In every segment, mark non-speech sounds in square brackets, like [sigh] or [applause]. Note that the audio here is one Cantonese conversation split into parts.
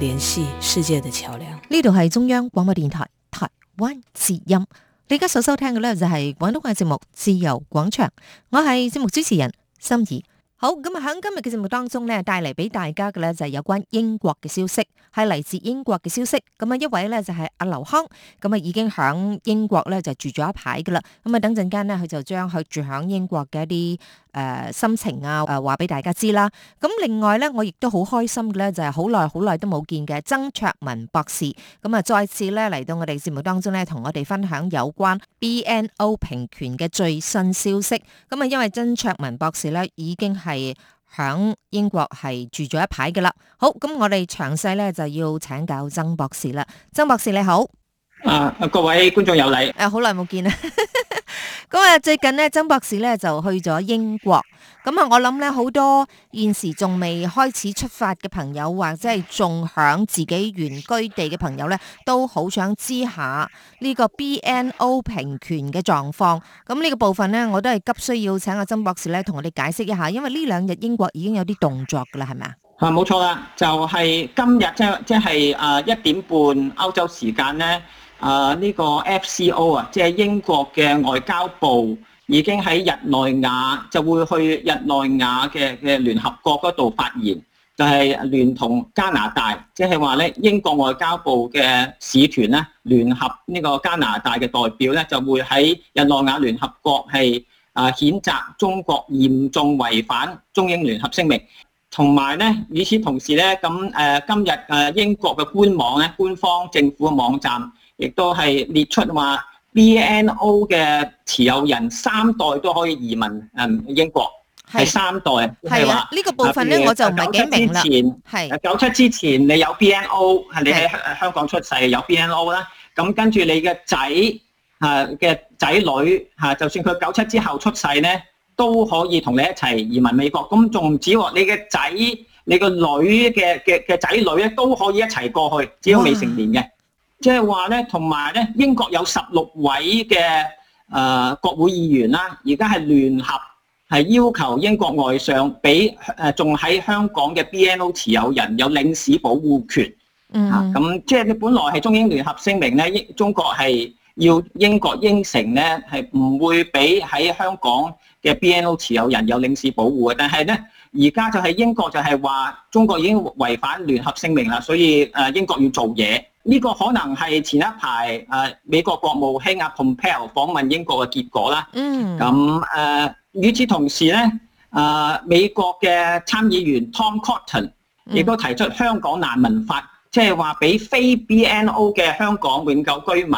聯繫世界的橋梁。呢度係中央廣播電台台灣之音。你而家所收聽嘅呢，就係廣東話節目《自由廣場》，我係節目主持人心儀。好咁啊，喺今日嘅節目當中呢，帶嚟俾大家嘅呢，就係有關英國嘅消息，係嚟自英國嘅消息。咁啊，一位呢，就係阿劉康，咁啊已經喺英國呢，就住咗一排噶啦。咁啊，等陣間呢，佢就將佢住喺英國嘅一啲。誒、呃，心情啊，誒、呃，話俾大家知啦。咁另外呢，我亦都好開心嘅咧，就係好耐好耐都冇見嘅曾焯文博士。咁啊，再次呢，嚟到我哋節目當中呢，同我哋分享有關 BNO 平權嘅最新消息。咁啊，因為曾焯文博士呢，已經係響英國係住咗一排嘅啦。好，咁我哋詳細呢，就要請教曾博士啦。曾博士你好，啊各位觀眾有禮。誒，好耐冇見啊！ [laughs] 咁最近咧，曾博士咧就去咗英國。咁啊，我諗咧，好多現時仲未開始出發嘅朋友，或者係仲響自己原居地嘅朋友咧，都好想知下呢個 BNO 平權嘅狀況。咁呢個部分呢，我都係急需要請阿曾博士咧，同我哋解釋一下，因為呢兩日英國已經有啲動作噶啦，係咪啊？冇錯啦，就係今日即即係一點半歐洲時間呢。啊！呢、uh, 個 FCO 啊，即係英國嘅外交部已經喺日內瓦就會去日內瓦嘅嘅聯合國嗰度發言，就係、是、聯同加拿大，即係話咧英國外交部嘅使團咧，聯合呢個加拿大嘅代表咧，就會喺日內瓦聯合國係啊譴責中國嚴重違反中英聯合聲明，同埋咧，與此同時咧，咁誒今日誒英國嘅官網咧，官方政府嘅網站。亦都係列出話 BNO 嘅持有人三代都可以移民誒、嗯、英國，係是三代，即係話呢個部分咧如我就唔係幾明啦。係九七之前，是之前你有 BNO，係是你喺香港出世有 BNO 啦是，咁跟住你嘅仔嚇嘅仔女嚇、啊，就算佢九七之後出世咧，都可以同你一齊移民美國。咁仲唔止你嘅仔、你個女嘅嘅嘅仔女咧都可以一齊過去，只要未成年嘅。嗯即係話咧，同埋咧，英國有十六位嘅誒、呃、國會議員啦、啊，而家係聯合係要求英國外相俾誒，仲、啊、喺香港嘅 B N O 持有人有領事保護權。嗯，咁即係你本來係中英聯合聲明咧，英中國係要英國應承咧係唔會俾喺香港嘅 B N O 持有人有領事保護嘅，但係咧而家就係英國就係話中國已經違反聯合聲明啦，所以誒、呃、英國要做嘢。呢個可能係前一排誒美國國務卿啊，Pompeo 訪問英國嘅結果啦。嗯。咁誒，與此同時咧，誒美國嘅參議員 Tom Cotton 亦都提出香港難民法，即係話俾非 BNO 嘅香港永久居民，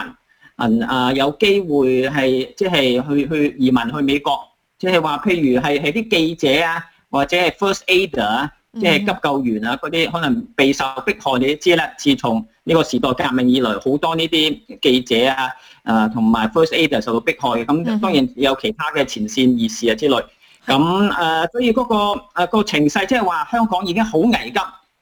嗯啊，有機會係即係去去移民去美國，即係話譬如係係啲記者啊，或者係 First Aider 啊。即係急救員啊！嗰啲可能備受迫害，你都知啦。自從呢個時代革命以來，好多呢啲記者啊，誒同埋 first aider，受到迫害，咁當然有其他嘅前線義士啊之類。咁誒、啊，所以嗰、那個誒、啊那個、情勢，即係話香港已經好危急，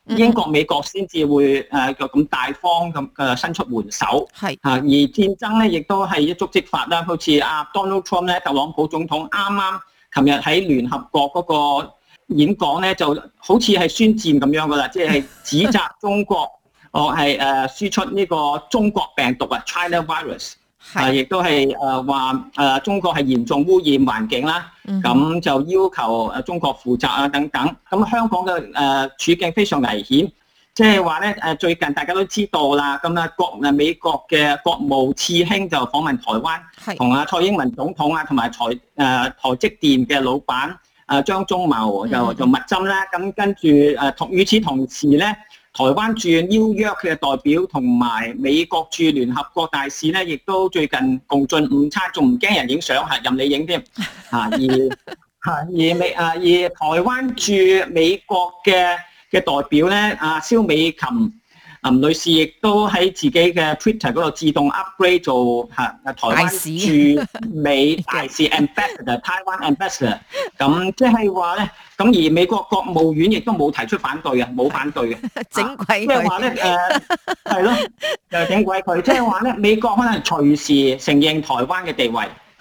嗯、英國、美國先至會誒咁大方咁誒伸出援手。係是啊，而戰爭咧，亦都係一觸即發啦。好似阿 Donald Trump 咧，特朗普總統啱啱琴日喺聯合國嗰、那個。演講咧就好似係宣戰咁樣噶啦，即、就、係、是、指責中國 [laughs] 哦係誒、呃、輸出呢個中國病毒啊，China virus，係亦的、啊、都係誒話誒中國係嚴重污染環境啦，咁、嗯、哼就要求誒中國負責啊等等。咁、嗯、香港嘅誒、呃、處境非常危險，即係話咧誒最近大家都知道啦，咁啊國啊美國嘅國務次卿就訪問台灣，同阿的蔡英文總統啊同埋台誒、呃呃、台積電嘅老，老闆。誒、啊、張忠謀就就密針啦，咁、啊、跟住誒同與此同時咧，台灣駐紐約嘅代表同埋美國駐聯合國大使咧，亦都最近共進午餐，仲唔驚人影相，係任你影添。啊而啊而美啊而台灣駐美國嘅嘅代表咧，阿、啊、蕭美琴。林、呃、女士亦都喺自己嘅 Twitter 嗰度自動 upgrade 做嚇、啊、台灣駐美大使 [laughs] 台灣 Ambassador Taiwan、嗯、Ambassador。咁即係話咧，咁而美國國務院亦都冇提出反對嘅，冇反對嘅。整鬼佢，即係話咧誒，係咯，又整鬼佢。即係話咧，美國可能隨時承認台灣嘅地位。係是、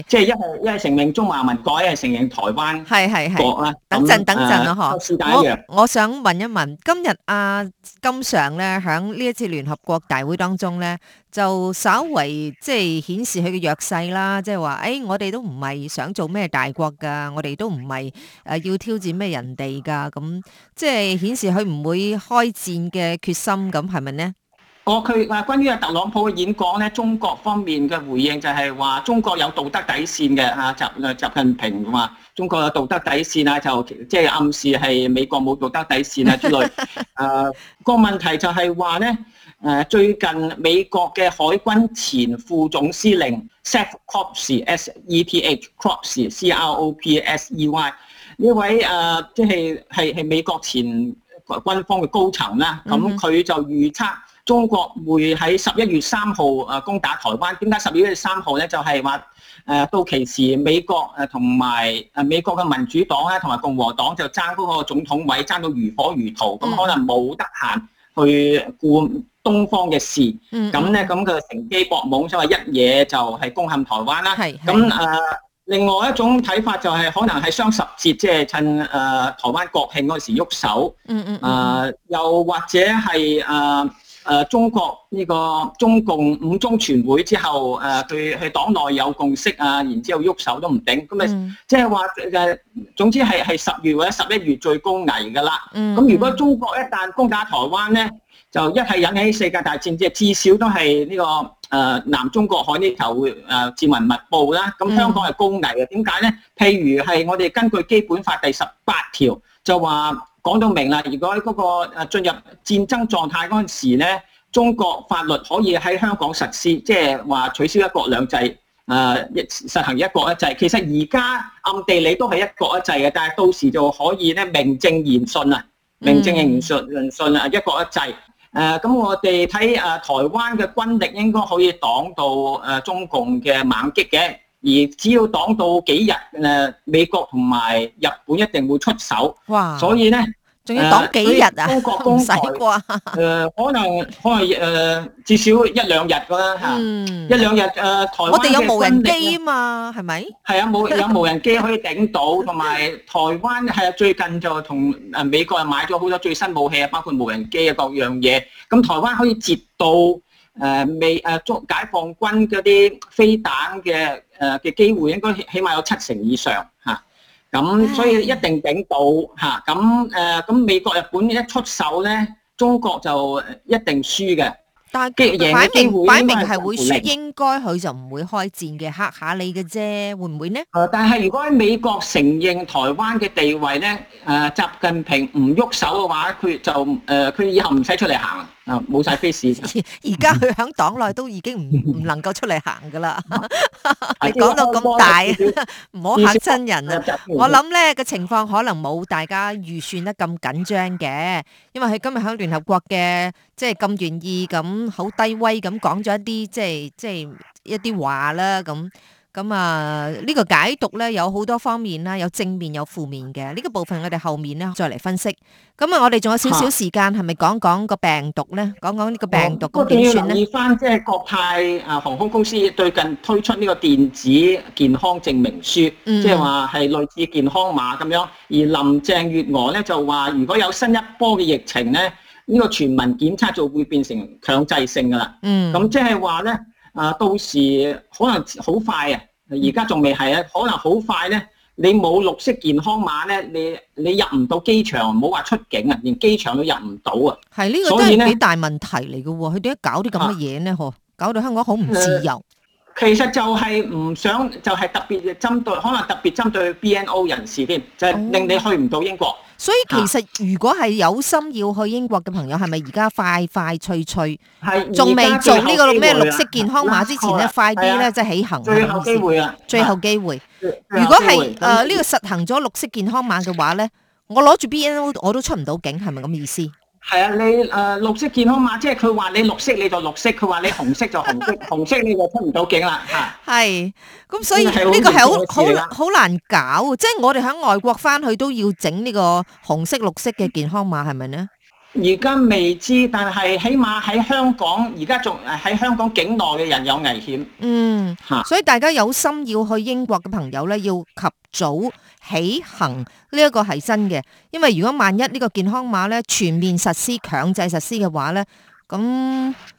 啊，即係一係一係承認中華民國，一係承認台灣國啦。等陣等陣啊。嗬、呃。我想問一問，今日阿、啊、金常咧喺呢一次聯合國大會當中咧，就稍為即係顯示佢嘅弱勢啦，即係話誒，我哋都唔係想做咩大國噶，我哋都唔係誒要挑戰咩人哋噶，咁即係顯示佢唔會開戰嘅決心，咁係咪呢？我佢話關於啊特朗普嘅演講咧，中國方面嘅回應就係話中國有道德底線嘅嚇，習啊習近平話中國有道德底線啊，就即係暗示係美國冇道德底線啊之類。誒、 [laughs] 啊、個問題就係話咧誒最近美國嘅海軍前副總司令 Seth Cropsey, S E T H Cropsey C R O P S E Y 呢位誒即係係係美國前軍方嘅高層啦，咁佢就預測。中國會喺十一月三號啊攻打台灣？點解十一月三號咧？就係話誒到其時美國誒同埋誒美國嘅民主黨咧同埋共和黨就爭嗰個總統位爭到如火如荼，咁可能冇得閒去顧東方嘅事，咁咧咁佢乘機博懵，所以一嘢就係攻陷台灣啦。咁誒是、呃、另外一種睇法就係、是、可能係雙十節，即、就、係、是、趁誒台灣國慶嗰時喐手。嗯、呃、嗯。誒又或者係誒。呃誒、呃、中國呢、這個中共五中全會之後，誒佢佢黨內有共識啊，然之後喐手都唔頂，咁咪、嗯、即係話誒，總之係係十月或者十一月最高危噶啦。咁、嗯、如果中國一旦攻打台灣咧，就一係引起世界大戰，即係至少都係呢、這個誒、呃、南中國海呢頭會誒戰雲密佈啦。咁香港係高危嘅，點解咧？譬如係我哋根據基本法第十八條就話。講到明啦，如果喺嗰個進入戰爭狀態嗰陣時咧，中國法律可以喺香港實施，即係話取消一國兩制，誒、呃、一實行一國一制。其實而家暗地裏都係一國一制嘅，但係到時就可以咧名正言順啊，名正言順，言順啊一國一制。誒、呃、咁我哋睇誒台灣嘅軍力應該可以擋到誒中共嘅猛擊嘅。而只要擋到幾日，誒、啊、美國同埋日本一定會出手。哇所以咧，仲要擋幾日啊、呃？所以中國攻台誒、呃，可能可能誒、呃，至少一兩日噶啦嚇，一兩日誒，台灣我哋有無人機啊嘛，係咪？係啊，冇有無人機可以頂到，同埋 [laughs] 台灣係啊，最近就同誒美國啊買咗好多最新武器啊，包括無人機啊各樣嘢。咁台灣可以截到誒美誒中解放軍嗰啲飛彈嘅。誒嘅機會應該起碼有七成以上嚇，咁所以一定頂到嚇，咁誒咁美國日本一出手咧，中國就一定輸嘅。但係贏嘅機會明，擺明係會輸，應該佢就唔會開戰嘅，嚇下你嘅啫，會唔會呢？但係如果喺美國承認台灣嘅地位咧，誒、啊、習近平唔喐手嘅話，佢就誒佢、啊、以後唔使出嚟行。啊！冇晒 face，而家佢喺黨內都已經唔唔能夠出嚟行噶啦， [laughs] 你講到咁大，唔好吓親人啊！我諗咧個情況可能冇大家預算得咁緊張嘅，因為佢今日喺聯合國嘅，即係咁願意咁好低威咁講咗一啲，即係即係一啲話啦咁。咁啊，呢個解讀咧有好多方面啦，有正面有負面嘅。呢個部分我哋後面咧再嚟分析。咁啊，我哋仲有少少時間，係咪講講，病呢講，講個病毒咧？講講呢個病毒嘅計算咧？翻即係國泰啊航空公司最近推出呢個電子健康證明書，嗯、即係話係類似健康碼咁樣。而林鄭月娥咧就話，如果有新一波嘅疫情咧，呢個全民檢測就會變成強制性噶啦。嗯，咁即係話咧。啊！到時可能好快啊，而家仲未係啊，可能好快咧。你冇綠色健康碼咧，你你入唔到機場，唔好話出境啊，連機場都入唔到啊。係呢、呢個真係幾大問題嚟嘅喎，佢哋一搞啲咁嘅嘢咧，呵，搞到香港好唔自由，啊呃。其實就係唔想，就係、係、特別針對，可能特別針對 BNO 人士添，就係、係、令你去唔到英國。哦。所以其實如果係有心要去英國嘅朋友，係咪而家快快脆脆，仲未做呢個咩綠色健康碼之前咧，了前快啲咧即係起行。最後機會啊！係係最後機會。如果係誒呢個實行咗綠色健康碼嘅話咧，我攞住 BNO 我都出唔到境，係咪咁意思？係啊，你誒、呃、綠色健康碼，即係佢話你綠色你就綠色，佢話你紅色就紅色， [laughs] 紅色你就出唔到境啦吓。係， [laughs] 咁所以呢個係好好好難搞，即係我哋喺外國翻去都要整呢個紅色、綠色嘅健康碼，係咪呢？ [laughs] 而家未知，但係起碼喺香港，而家仲喺香港境內嘅人有危險。嗯，嚇，所以大家有心要去英國嘅朋友呢，要及早起行呢一個係真嘅。因為如果萬一呢個健康碼呢，全面實施強制實施嘅話呢，咁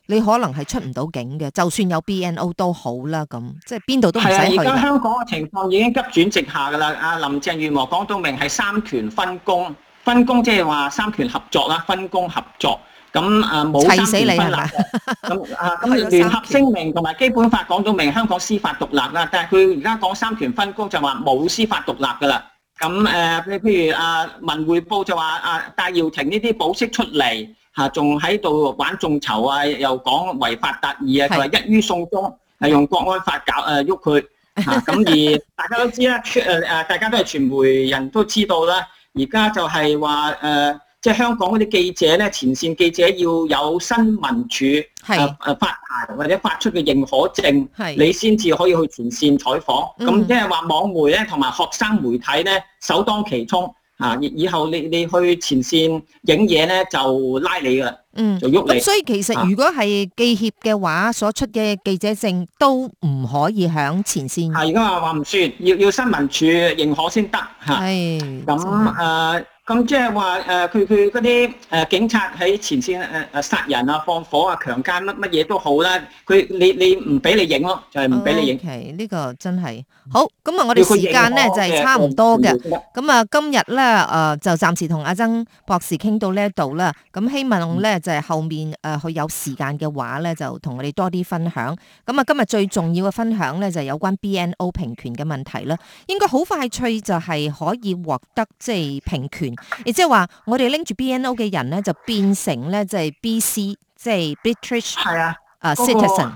你可能係出唔到境嘅，就算有 BNO 都好啦。咁即係邊度都唔使去。係而家香港嘅情況已經急轉直下噶啦。阿林鄭月娥講到明係三權分工。分工即係話三權合作啦，分工合作咁啊，冇三權分立咁啊。咁 [laughs] 聯合聲明同埋基本法講到明香港司法獨立啦，但係佢而家講三權分工就話冇司法獨立噶啦。咁誒，譬如啊，《文匯報》就話啊，戴耀廷呢啲保釋出嚟，嚇仲喺度玩眾籌啊，又講違法達意達義啊，佢話是一於送中，係用國安法搞誒喐佢嚇。咁是、啊、而大家都知啦，誒誒，大家都係傳媒人都知道啦。而家就係話誒，即、呃、係、就是、香港嗰啲記者咧，前線記者要有新聞處誒誒發、啊、或者發出嘅認可證，是你先至可以去前線採訪。咁即係話網媒咧，同埋學生媒體咧，首當其衝啊！以後你你去前線影嘢咧，就拉你㗎。嗯，咁、嗯、所以其實如果係記協嘅話，啊、所出嘅記者證都唔可以響前線。係、啊，而家話唔算，要要新聞處認可先得吓。係，咁誒。咁即係話誒，佢佢嗰啲誒警察喺前線誒誒，呃、殺人啊、放火啊、強姦乜乜嘢都好啦，佢你你唔俾你影咯，就係唔俾你影。係呢、okay. 個真係好。咁啊，我哋時間呢，就係差唔多嘅。咁啊、嗯，嗯嗯嗯，今日咧誒就暫時同阿曾博士傾到呢一度啦。咁希望咧、嗯、就係後面誒佢有時間嘅話咧，就同我哋多啲分享。咁啊，今日最重要嘅分享咧就係、是，有關 BNO 平權嘅問題啦。應該好快脆就係可以獲得即係平權。亦即係話，我哋拎住 BNO 嘅人咧，就變成咧，即係 BC，即係 British 係啊，啊 citizen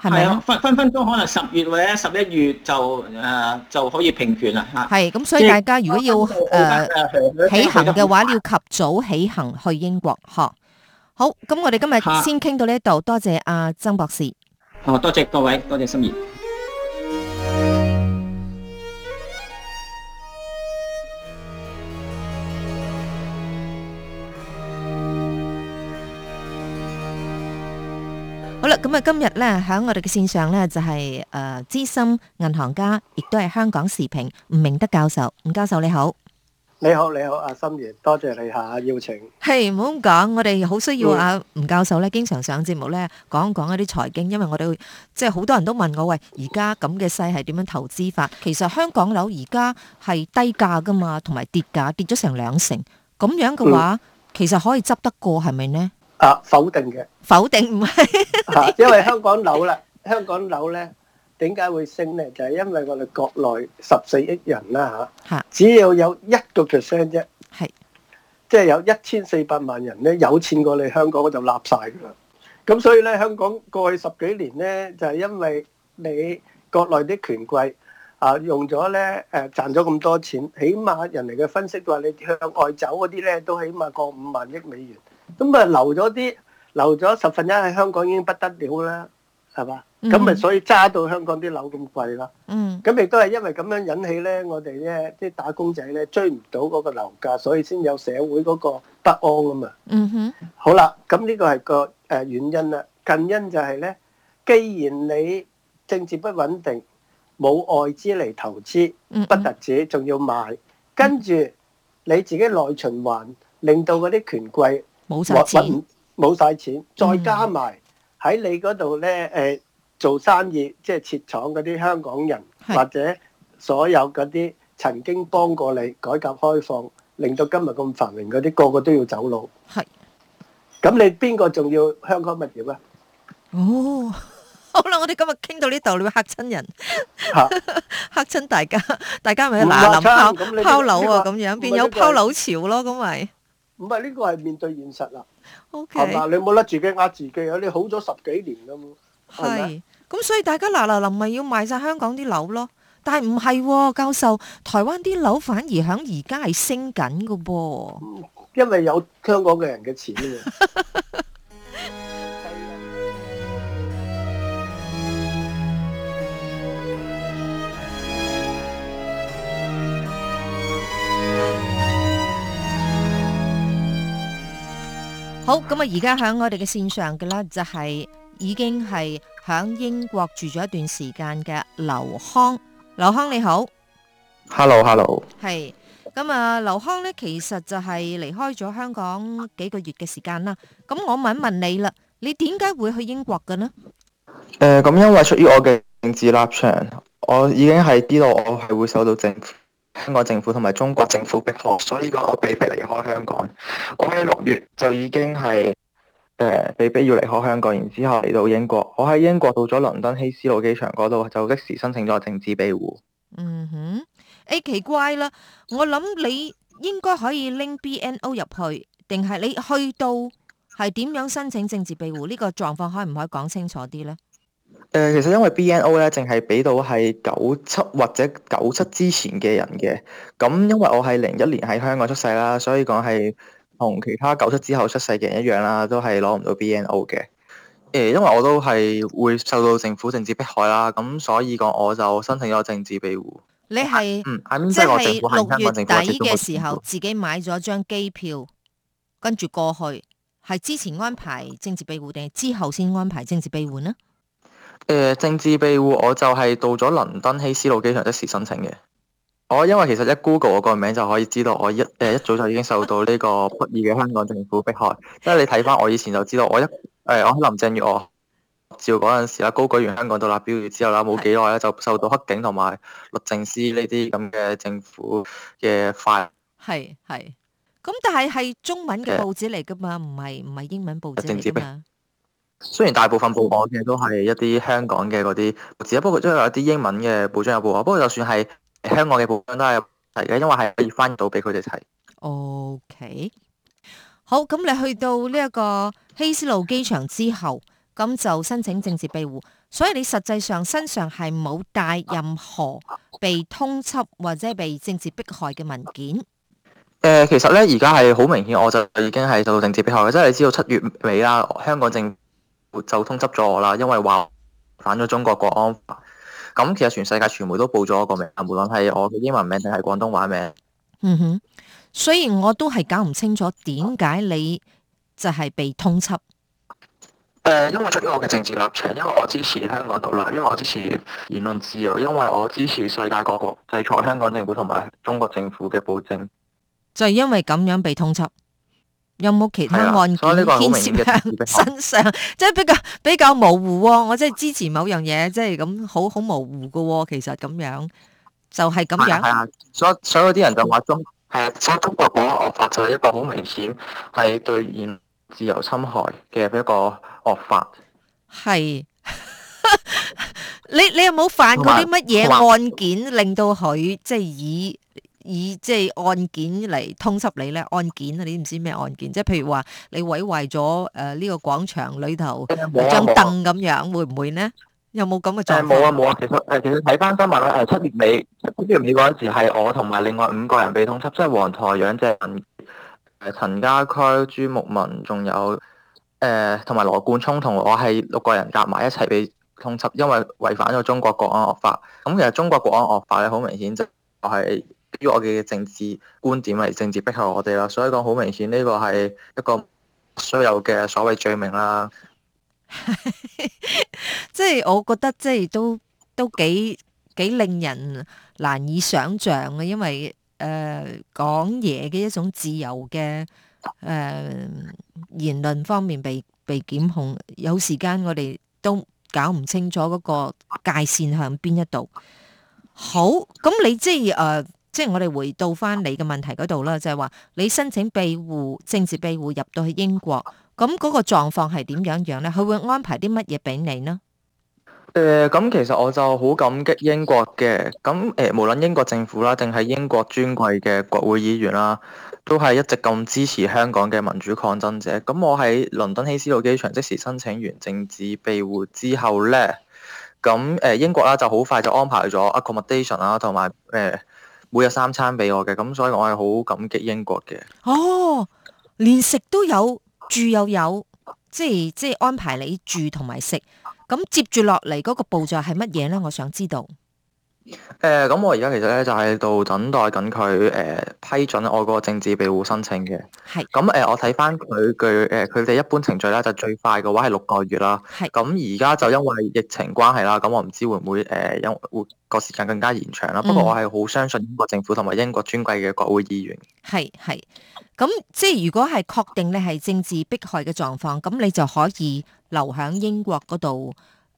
係咪啊？分分分鐘可能十月或者十一月就誒、啊、就可以平權啦吓。係、啊，咁所以大家如果要誒是、啊、起行嘅話，話要及早起行去英國。好、啊，好，咁我哋今日先傾到呢一度，多謝阿曾博士。哦，多謝各位，多謝心儀。咁啊，今日咧喺我哋嘅綫上咧就係誒資深銀行家，亦都係香港時評吳明德教授。吳教授你好，你好你好，阿心爺多謝你下邀請。係，唔好咁講，我哋好需要阿、啊、吳、嗯、教授咧，經常上節目咧講一講一啲財經，因為我哋即係好多人都問我喂，而家咁嘅勢係點樣投資法？其實香港樓而家係低價噶嘛，同埋跌價跌咗成兩成，咁樣嘅話，嗯、其實可以執得過係咪呢？啊，否定嘅，否定唔係，啊，因為香港樓啦，香港樓咧，點解會升咧？就係因為我哋國內十四億人啦吓，只要有一個 percent 啫，係，即係有一千四百萬人咧有錢過嚟香港，我就立晒噶啦。咁所以咧，香港過去十幾年咧，就係因為你國內啲權貴啊用咗咧誒賺咗咁多錢，起碼人哋嘅分析都話你向外走嗰啲咧都起碼過五萬億美元。咁啊，留咗啲，留咗十分一喺香港已經不得了啦，係嘛？咁咪，所以揸到香港啲樓咁貴咯。嗯、mm。咁、hmm. 亦都係因為咁樣引起咧，我哋咧啲打工仔咧追唔到嗰個樓價，所以先有社會嗰個不安啊嘛。嗯哼、mm。Hmm. 好啦，咁呢個係個誒原因啦。近因就係、是、咧，既然你政治不穩定，冇外資嚟投資，不特止，仲要賣，跟住你自己內循環，令到嗰啲權貴。冇晒錢，冇晒錢，再加埋喺你嗰度咧，誒、呃，做生意即係設廠嗰啲香港人，是的 或者所有嗰啲曾經幫過你改革開放，令到今日咁繁榮嗰啲，個個都要走佬。係，咁你邊個仲要香港物業啊？哦，好啦，我哋今日傾到呢度，你會吓親人，吓 [laughs] 親大家，大家咪嗱嗱臨拋拋樓喎、啊，咁說樣變有拋樓潮咯，咁咪。唔係呢個係面對現實啦，係嘛 Okay.？你冇甩住嘅呃自己啊！你好咗十幾年咁，係咪？咁所以大家嗱嗱臨咪要賣晒香港啲樓咯？但係唔係教授，台灣啲樓反而響而家係升緊嘅噃。因為有香港嘅人嘅錢啊！ [laughs] 好，咁啊，而家喺我哋嘅線上嘅呢，就係已經係喺英國住咗一段時間嘅劉康，劉康你好，Hello，Hello，係，咁啊，劉康呢其實就係離開咗香港幾個月嘅時間啦，咁我問一問你啦，你點解會去英國嘅呢？誒，咁因為出於我嘅政治立場，我已經係知道我係會受到政府。香港政府同埋中國政府迫害，所以講我被迫離開香港。我喺六月就已經係誒、呃、被迫要離開香港，然之後嚟到英國。我喺英國到咗倫敦希斯路機場嗰度，就即時申請咗政治庇護。嗯哼，誒、欸、奇怪啦，我諗你應該可以拎 BNO 入去，定係你去到係點樣申請政治庇護？呢個狀況可唔可以講清楚啲呢？誒、呃，其實因為 BNO 咧，淨係俾到係九七或者九七之前嘅人嘅。咁因為我係零一年喺香港出世啦，所以講係同其他九七之後出世嘅人一樣啦，都係攞唔到 BNO 嘅。誒、呃，因為我都係會受到政府政治迫害啦，咁所以講我就申請咗政治庇護。你係，即係六月底嘅時候自己買咗張機票，跟住過去係之前安排政治庇護定係之後先安排政治庇護呢？誒、呃，政治庇護我就係到咗倫敦希斯路機場一時申請嘅。我因為其實一 Google 我個名就可以知道我一誒， [laughs] 一早就已經受到呢個不義嘅香港政府迫害。即係你睇返我以前就知道我一誒我喺林鄭月娥照嗰陣時啦，高舉完香港獨立標語之後啦，冇幾耐咧就受到黑警同埋律政司呢啲咁嘅政府嘅法。係係，咁但係係中文嘅報紙嚟噶嘛，唔係唔係英文報紙噶嘛。政治雖然大部分報網嘅都係一啲香港嘅嗰啲報紙，不過都有一啲英文嘅報章有報啊。不過就算係香港嘅報章都係提嘅，因為係可以翻到俾佢哋睇。O、okay. K，好，咁你去到呢一個希斯路機場之後，咁就申請政治庇護，所以你實際上身上係冇帶任何被通緝或者被政治迫害嘅文件。誒、呃，其實咧而家係好明顯，我就已經係到政治迫害嘅，即係你知道七月尾啦，香港政。就通緝咗我啦，因為話反咗中國國安法，咁其實全世界傳媒都報咗我個名，無論係我嘅英文名定係廣東話名。嗯哼，所以我都係搞唔清楚點解你就係被通緝。誒、呃，因為出於我嘅政治立場，因為我支持香港獨立，因為我支持言論自由，因為我支持世界各國制裁香港政府同埋中國政府嘅暴政，就係因為咁樣被通緝。有冇其他案件牽涉、啊、 [laughs] 身上？即係比較比較模糊喎、哦。我即係支持某樣嘢，即係咁好好模糊㗎、哦。其實咁樣就係咁樣。係、就是、啊，啊，所所有啲人就話中係啊，所通過嗰個惡法就係一個好明顯係對言論自由侵害嘅一個惡法。係是， [laughs] 你你有冇犯過啲乜嘢案件說令到佢即係以？以即係案件嚟通緝你咧，案件你唔知咩案件，即係譬如話你毀壞咗誒呢個廣場裏頭張凳咁樣，啊啊、會唔會呢？有冇咁嘅作？誒冇啊冇啊，其實睇返新聞七月尾七月尾嗰陣時係我同埋另外五個人被通緝，即係黃台、楊正、誒陳家駒、朱牧民，仲有誒同埋羅冠聰，同我係六個人夾埋一齊被通緝，因為違反咗中國國安惡法。咁其實中國國安惡法咧，好明顯就係。於我哋嘅政治觀點嚟，政治迫害我哋啦，所以講好明顯呢個係一個所有嘅所謂罪名啦。 [laughs] 即係我覺得即，即係都都幾幾令人難以想象嘅，因為誒講嘢嘅一種自由嘅誒、呃、言論方面被被檢控，有時間我哋都搞唔清楚嗰個界綫向邊一度。好，咁你即係誒。呃即係我哋回到翻你嘅問題嗰度啦，就係話你申請庇護政治庇護入到去英國，咁嗰個狀況係點樣樣呢？佢會安排啲乜嘢俾你呢？誒、呃，咁其實我就好感激英國嘅咁誒，無論英國政府啦，定係英國尊貴嘅國會議員啦，都係一直咁支持香港嘅民主抗爭者。咁我喺倫敦希斯路機場即時申請完政治庇護之後呢，咁誒、呃、英國啦就好快就安排咗 accommodation 啦，同埋誒。每日三餐俾我嘅，咁所以我係好感激英國嘅。哦，連食都有，住又有，即係即係安排你住同埋食。咁接住落嚟嗰個步驟係乜嘢呢？我想知道。誒，咁、呃、我而家其實咧就喺度等待緊佢誒批准我個政治庇護申請嘅。係是。咁誒、嗯呃，我睇翻佢據誒佢哋一般程序咧，就最快嘅話係六個月啦。係是。咁而家就因為疫情關係啦，咁我唔知會唔會誒因、呃、會個時間更加延長啦。不過我係好相信英國政府同埋英國尊貴嘅國會議員。係係。咁即係如果係確定你係政治迫害嘅狀況，咁你就可以留響英國嗰度。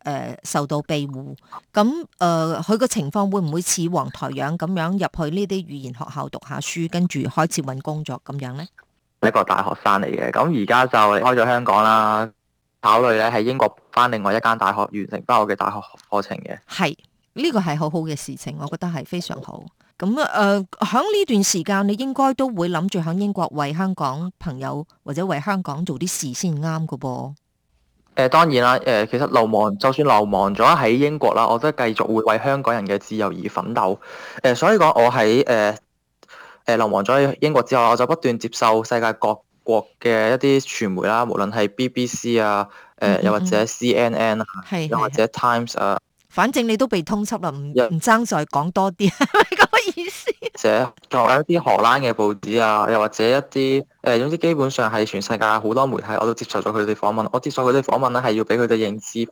誒受到庇護，咁誒佢個情況會唔會似黃台仰咁樣入去呢啲語言學校讀下書，跟住開始揾工作咁樣呢？一個大學生嚟嘅，咁而家就離開咗香港啦，考慮咧喺英國翻另外一間大學完成翻我嘅大學課程嘅。係，呢個係好好嘅事情，我覺得係非常好。咁誒喺呢段時間，你應該都會諗住喺英國為香港朋友或者為香港做啲事先啱噶噃。誒，當然啦，誒，其實流亡就算流亡咗喺英國啦，我都繼續會為香港人嘅自由而奮鬥。誒，所以講我喺誒誒流亡咗喺英國之後，我就不斷接受世界各國嘅一啲傳媒啦，無論係 BBC 啊，誒、呃，又或者 CNN、mm hmm. 啊，又、mm hmm. 或者 Times 啊。反正你都被通緝啦，唔唔爭再講多啲，係咪咁嘅意思？或者一啲荷蘭嘅報紙啊，又或者一啲誒，總之基本上係全世界好多媒體我都接受咗佢哋訪問。我接受佢哋訪問咧，係要俾佢哋認知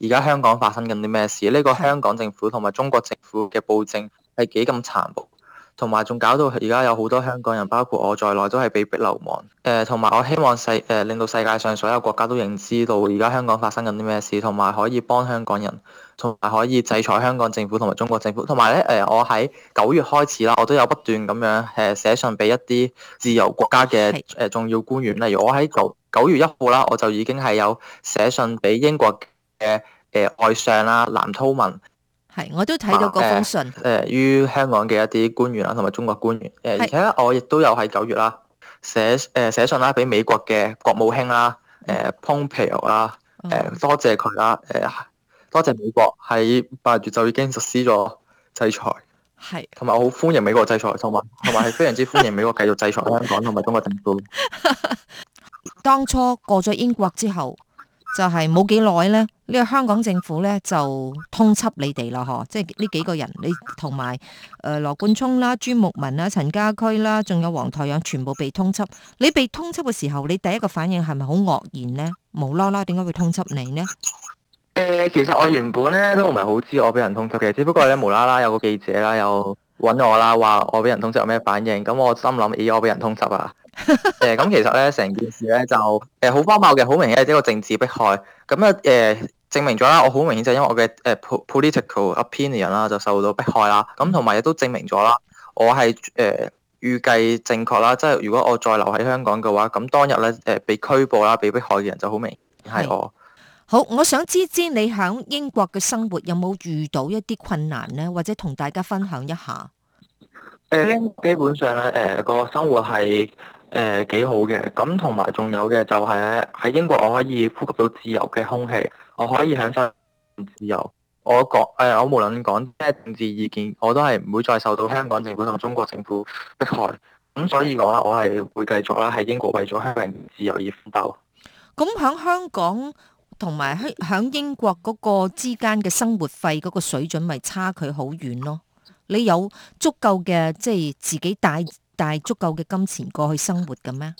而家香港發生緊啲咩事。呢個香港政府同埋中國政府嘅暴政係幾咁殘暴，同埋仲搞到而家有好多香港人，包括我在內，都係被逼流亡。誒，同埋我希望世誒令到世界上所有國家都認知道而家香港發生緊啲咩事，同埋可以幫香港人。同埋可以制裁香港政府同埋中國政府，同埋咧誒，我喺九月開始啦，我都有不斷咁樣誒寫信俾一啲自由國家嘅誒重要官員，例是如我喺九九月一號啦，我就已經係有寫信俾英國嘅誒外相啦，藍韜文。係，我都睇到嗰封信。誒、呃，於香港嘅一啲官員啦，同埋中國官員。誒，而且是我亦都有喺九月啦，寫誒寫信啦俾美國嘅國務卿啦，誒 Pompeo 啦，誒、呃嗯、多謝佢啦，誒、呃。多謝美國喺八月就已經實施咗制裁，係同埋我好歡迎美國制裁，同埋同埋係非常之歡迎美國繼續制裁香港同埋中國政府。當初過咗英國之後，就係冇幾耐呢，呢個香港政府呢，就通緝你哋啦，嗬，即係呢幾個人，你同埋誒羅冠聰啦、朱牧民啦、陳家駒啦，仲有黃台仰，全部被通緝。你被通緝嘅時候，你第一個反應係咪好愕然呢？無啦啦，點解會通緝你呢？誒，其實我原本咧都唔係好知我俾人通緝嘅，只不過咧無啦啦有個記者啦，又搵我啦，話我俾人通緝有咩反應，咁我心諗咦，我俾人通緝啊？誒、 [laughs] 欸，咁其實咧成件事咧就誒好荒謬嘅，好、欸、明顯係呢個政治迫害，咁啊誒證明咗啦，我好明顯就因為我嘅誒、欸、political opinion 啦就受到迫害啦，咁同埋亦都證明咗啦，我係誒預計正確啦，即係如果我再留喺香港嘅話，咁當日咧誒、欸、被拘捕啦、被迫害嘅人就好明顯係我。Mm. 好，我想知知你響英國嘅生活有冇遇到一啲困難呢？或者同大家分享一下。誒，基本上咧，誒、呃，個生活係誒幾好嘅。咁同埋仲有嘅就係、是、喺英國我可以呼吸到自由嘅空氣，我可以享受自由。我講誒、呃，我無論講咩政治意見，我都係唔會再受到香港政府同中國政府迫害。咁所以我話我係會繼續啦，喺英國為咗香港自由而奮鬥。咁響香港。同埋喺喺英國嗰個之間嘅生活費嗰個水準，咪差距好遠咯。你有足夠嘅即係自己帶帶足夠嘅金錢過去生活嘅咩？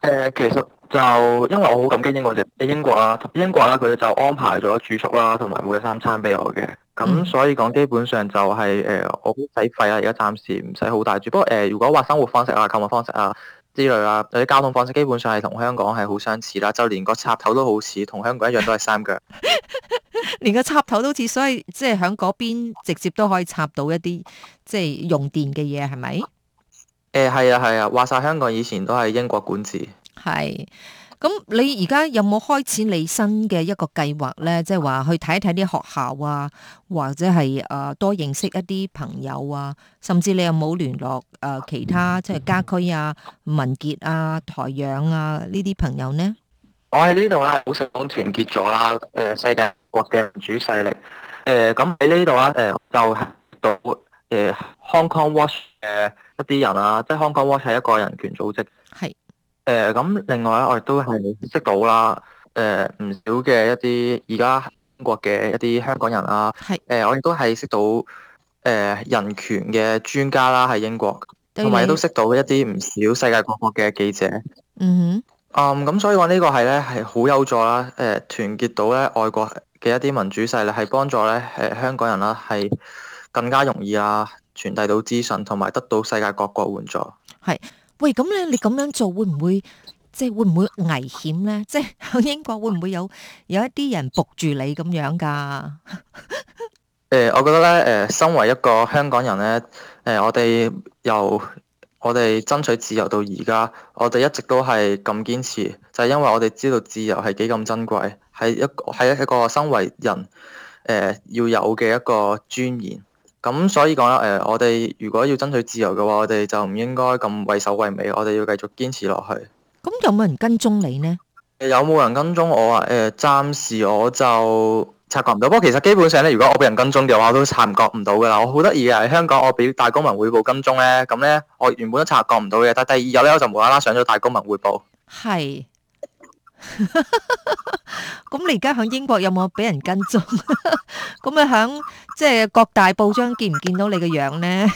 誒、呃，其實就因為我好感激英國嘅英國啊，英國啦、啊，佢哋就安排咗住宿啦、啊，同埋每日三餐俾我嘅。咁所以講基本上就係、是、誒、呃，我都使費啊，而家暫時唔使好大住。不過誒、呃，如果話生活方式啊，購物方式啊。之類啦，或者交通方式基本上係同香港係好相似啦，就連個插頭都好似同香港一樣都係三腳， [laughs] 連個插頭都似，所以即係響嗰邊直接都可以插到一啲即係用電嘅嘢，係咪？誒，係啊，係啊，話晒香港以前都係英國管治，係。咁你而家有冇開始你新嘅一個計劃咧？即係話去睇一睇啲學校啊，或者係誒多認識一啲朋友啊，甚至你有冇聯絡誒其他即係家駒啊、文杰啊、台養啊呢啲朋友呢？我喺呢度啦，好想講團結咗啦！誒，世界各國嘅民主勢力，誒，咁喺呢度啊，誒，就到、是、誒 Hong Kong Watch 嘅一啲人啊，即係 Hong Kong Watch 係一個人權組織，係。誒，咁、呃、另外咧，我亦都係識到啦，誒、呃、唔少嘅一啲而家英國嘅一啲香港人啦、啊。係是，誒、呃、我亦都係識到誒、呃、人權嘅專家啦、啊，喺英國，同埋都識到一啲唔少世界各國嘅記者，嗯哼，嗯，咁所以話呢個係咧係好有助啦，誒、呃、團結到咧外國嘅一啲民主勢力，係幫助咧誒、呃、香港人啦、啊，係更加容易啊傳遞到資訊，同埋得到世界各國援助，係。喂，咁咧，你咁樣做會唔會，即係會唔會危險咧？即係英國會唔會有有一啲人僕住你咁樣噶？誒、 [laughs] 欸，我覺得咧，誒、呃，身為一個香港人咧，誒、呃，我哋由我哋爭取自由到而家，我哋一直都係咁堅持，就係因為我哋知道自由係幾咁珍貴，係一係一個身為人誒、呃、要有嘅一個尊嚴。咁所以講啦，誒，我哋如果要爭取自由嘅話，我哋就唔應該咁畏首畏尾，我哋要繼續堅持落去。咁有冇人跟蹤你咧？有冇人跟蹤我啊？誒，暫時我就察覺唔到。不過其實基本上咧，如果我俾人跟蹤嘅話，我都察覺唔到噶啦。我好得意嘅係，香港我俾大公民匯報跟蹤咧，咁咧我原本都察覺唔到嘅，但係第二日咧我就無啦啦上咗大公民匯報。係。咁你而家喺英國有冇俾人跟蹤？咁啊，響即係各大報章見唔見到你嘅樣呢？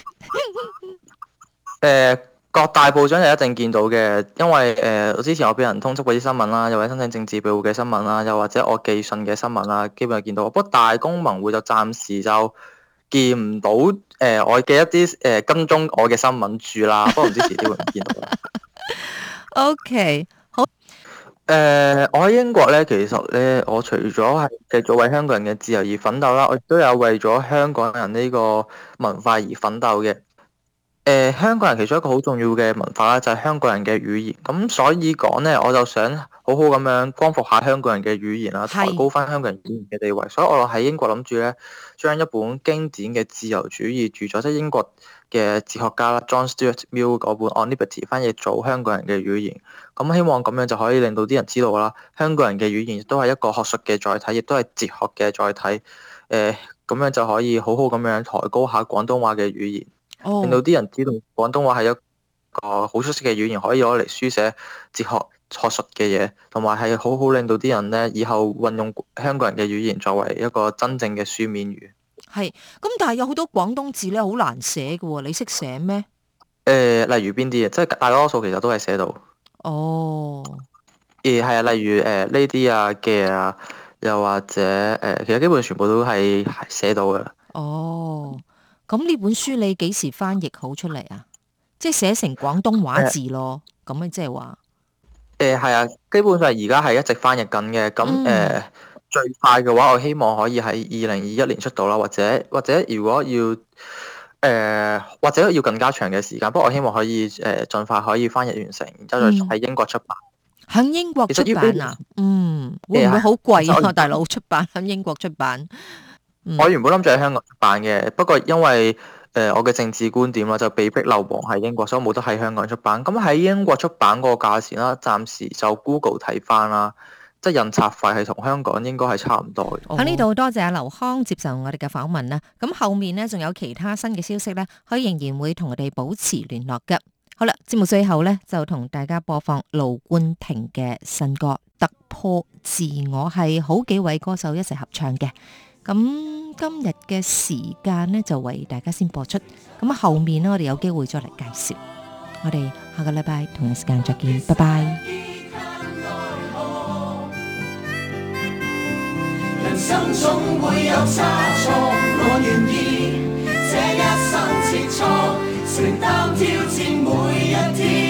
誒，各大報章就一定見到嘅，因為誒，之前我俾人通緝嗰啲新聞啦，又或者申請政治庇護嘅新聞啦，又或者我寄信嘅新聞啦，基本上見到。不過大公文會就暫時就見唔到誒，我嘅一啲誒跟蹤我嘅新聞住啦。不過唔知遲啲會唔見到。O K。誒、呃，我喺英國咧，其實咧，我除咗係繼續為香港人嘅自由而奮鬥啦，我亦都有為咗香港人呢個文化而奮鬥嘅。誒、呃，香港人其中一個好重要嘅文化咧，就係、是、香港人嘅語言。咁所以講咧，我就想，好好咁樣光復下香港人嘅語言啦，抬高翻香港人語言嘅地位。是所以我喺英國諗住咧，將一本經典嘅自由主義著作，即係英國嘅哲學家 John Stuart Mill 嗰本《On Liberty》翻譯做香港人嘅語言。咁希望咁樣就可以令到啲人知道啦，香港人嘅語言都係一個學術嘅載體，亦都係哲學嘅載體。誒、呃，咁樣就可以好好咁樣抬高下廣東話嘅語言，令到啲人知道廣東話係一個好出色嘅語言，可以攞嚟書寫哲學。學術嘅嘢，同埋係好好令到啲人咧，以後運用香港人嘅語言作為一個真正嘅書面語。係咁，但係有好多廣東字咧，好難寫嘅喎。你識寫咩？誒、呃，例如邊啲啊？即係大多數其實都係寫到。哦。誒，係啊，例如誒呢啲啊嘅啊,啊，又或者誒、呃，其實基本全部都係寫到嘅。哦。咁呢本書你幾時翻譯好出嚟啊？即係寫成廣東話字咯，咁啊、呃，即係話。誒，係啊、呃，基本上而家係一直翻譯緊嘅，咁誒、嗯呃，最快嘅話，我希望可以喺二零二一年出到啦，或者或者如果要誒、呃，或者要更加長嘅時間，不過我希望可以誒盡、呃、快可以翻譯完成，然之後再喺英國出版。喺英國出版啊？嗯，會唔會好貴啊大佬？出版喺英國出版？我原本諗住喺香港出版嘅，不過因為。誒、呃，我嘅政治觀點啦，就被逼流亡喺英國，所以冇得喺香港出版。咁喺英國出版嗰個價錢啦，暫時就 Google 睇翻啦，即係印刷費係同香港應該係差唔多嘅。喺呢度多謝阿劉康接受我哋嘅訪問啦。咁後面呢，仲有其他新嘅消息呢，佢仍然會同我哋保持聯絡嘅。好啦，節目最後呢，就同大家播放盧冠廷嘅新歌《突破自我》，係好幾位歌手一齊合唱嘅。咁。今日嘅時間呢，就為大家先播出，咁啊，後面呢，我哋有機會再嚟介紹。我哋下個禮拜同一時間再見， [music] 拜拜。 [music]